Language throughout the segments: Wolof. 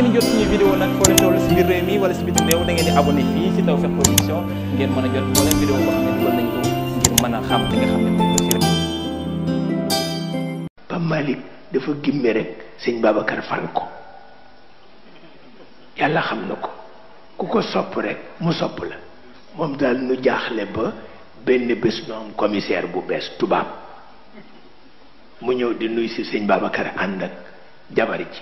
ngeen jot suñu da ngeen di abonné fii si Tawfekh Production ngeen mën a jot moo leen vidéo boo mën a xam li dafa gimme rek sëñ Babacar fal ko yàlla xam na ko ku ko sopp rek mu sopp la moom daal nu jaaxle ba benn bés nu commissaire bu bees tubaab mu ñëw di nuyu si sëñ Babacar ànd ak jabar ji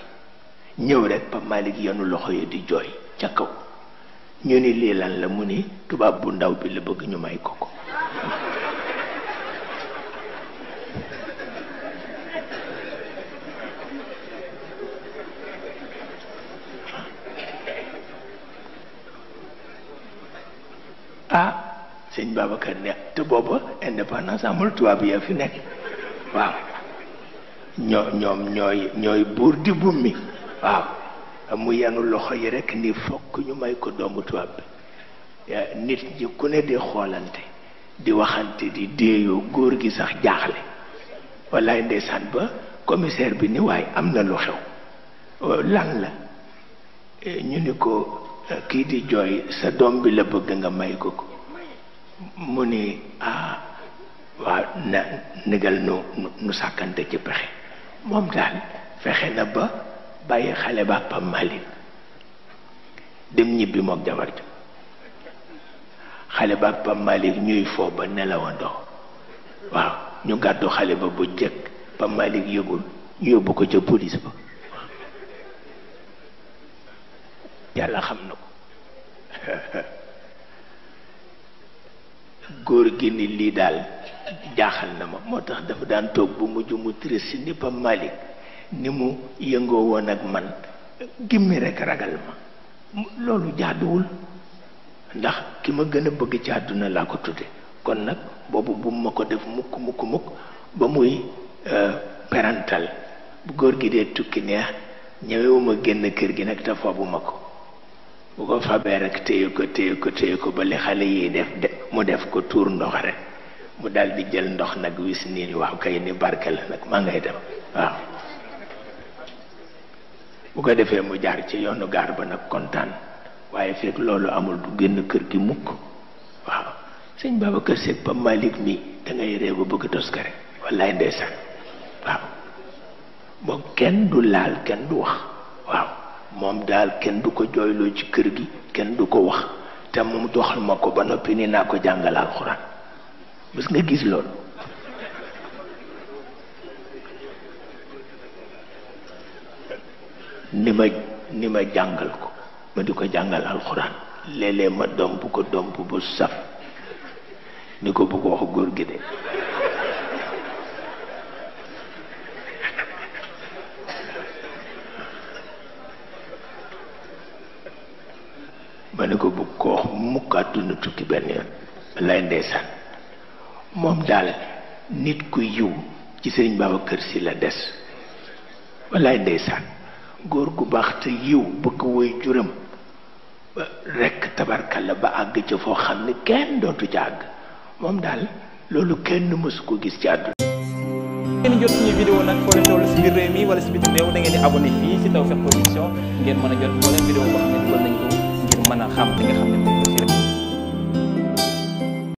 ñëw rek Pape Malick yenu loxo yi di jooy ca kaw ñu ni lii lan la mu ni tubaab bu ndaw bi la bëgg ñu may ko ko ah sëñ Babacar ne te booba indépendance amul tubaab yaa fi nekk waaw ñoo ñoom ñooy ñooy buur di bummi waaw mu yenu loxo yi rekk ni fokk ñu may ko doomu tubaab bi nit ñi ku ne di xoolante di waxante di déeyoo góor gi sax jaaxle wallaay ndeysaan ba commissaire bi ni waaye am na lu xew lan la eh, ñu ni ko eh, kii di jooy sa doom bi la bëgg nga may ko ko mu ni ah waaw na nigal nu sàkkante ci pexe moom daal fexe na ba bàyyi xale ba Pam dem ñibbi mook jabar ja xale ba Pam Malick ñuy foo ba dox waaw ñu gàddu xale ba bu jëkk Pam Malick ñu yóbbu ko ca police ba yàlla xam na ko góor gi ni lii daal jaaxal na ma moo tax dafa daan toog bu mujj mu triste ni Pam ni mu yëngoo woon ak man gimmi rekk ragal ma loolu jaaduwul ndax ki ma gën a bëgg ci àdduna laa ko tudde kon nag boobu bu ma ko def mukk mukk mukk ba muy euh, perantal bu góor gi dee tukki neex ñëwewuma génn kër gi nag te ma ko bu ko fabee rek téye ko téye ko ba li xale yi def de mu def ko tuur ndox rek mu dal di jël ndox nag wis nii wax kay ni barke la nag maa ngay dem waaw bu ko defee mu jaar ci yoonu gaar ba nag kontaan waaye fekk loolu amul du génn kër gi mukk waaw sëñ Babacar Sy Pape Malick mi da ngay réew ba bëgg toskare wallaay ndeysaan waaw moom kenn du laal kenn du wax waaw moom daal kenn du ko jooyloo ci kër gi kenn du ko wax te moom doxal ma ko ba noppi ni naa ko jàngale alxuraan mës nga gis loolu ni ma ni ma jàngal ko ma di ko jàngal alxuraan léeg-léeg ma domp ko domp bu saf ni ko bëgg wax góor gi de ma ne ko bëgg wax mukk àdduna tukki benn yoon lay ndeysaan moom daal nit ku yiw ci sëriñ kër Si la des wallaay ndeysaan góor gu baax te yiw bëgg woy juram rekk la ba àgg ca foo xam ne kenn dootu ca àgg moom daal loolu kenn mësu ko gis ci àdduna ngeen jot suñu vidéo nag foo leen toll si biir réew mi wala si biti réew da ngeen di abonné fii si Tawfekh Production ngeen mën a jot moo leen vidéo ngir mën a xam li nga xam ne